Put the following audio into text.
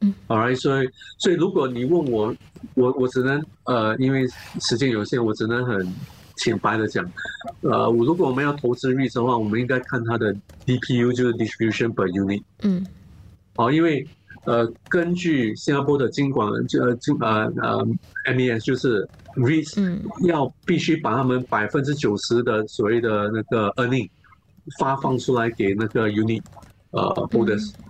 嗯，Alright，所以所以如果你問我，我我只能，呃，因為時間有限，我只能很淺白的講，呃，我如果我們要投資 REIT 的話，我們應該看它的 DPU，就是 distribution per unit。嗯。好，因為，呃，根據新加坡的監管，就呃呃呃 MES 就是 REIT 要必須把他們百分之九十的所謂的那個 earning 發放出來給那個 unit，呃，holders，嗯。